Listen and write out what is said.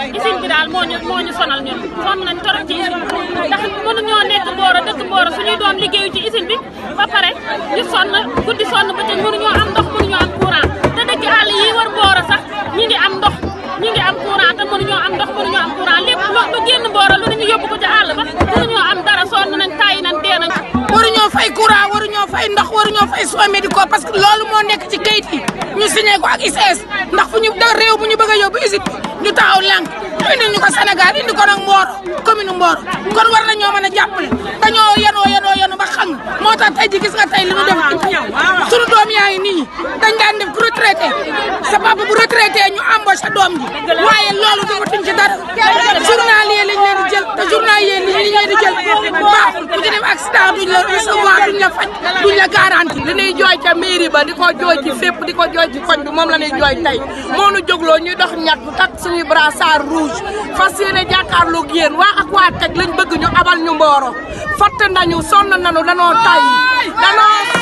usine bi daal moo ñu sonal ñun sonn nañ torop ci usine ndax mënuñoo nekk Mboro dëkk Mboro suñuy doom liggéeyu ci usine bi ba pare ñu sonn guddi sonn bëccëg mënuñoo am ndox mënuñoo am courant te dëkk àll yi war Mboro sax ñi ngi am ndox ñi ngi am courant lépp lu génn Mboro lu ñu yóbbu ko ci àll ba mënuñoo am dara sonn nañ tàyyi nañ waruñoo fay soins médicaux parce que loolu moo nekk ci kayit yi ñu signé ko ak ICS ndax fu ñu da réew bu ñu bëgg a yóbbu usine ñu taxaw lànk indi ñu ko Sénégal indi ko nag Mboro commune Mboro kon war na ñoo mën a jàppale dañoo yenoo yenoo yenu ba xam moo tax tey ji gis nga tey li ñu def sunu doom yaa ngi nit dañ def retraité sa papa bu retraité ñu embauché doom ji waaye loolu defatuñ ci dara journal yéen ni ñu di jël baaxul ku ci def accident duñ la recevoir duñ la faj duñ la garanti li ñuy ca mairie ba di ko jooy ci fépp di ko jooy ci koñ bi moom la ñuy jooy tey moo nu jógloo ñuy dox ñat bu takk suñuy brassard rouge fas yéene jàkkaarloog yéen waa ak waa teg lañ bëgg ñu abal ñu mbooro fatt nañu sonn nañu danoo tay danoo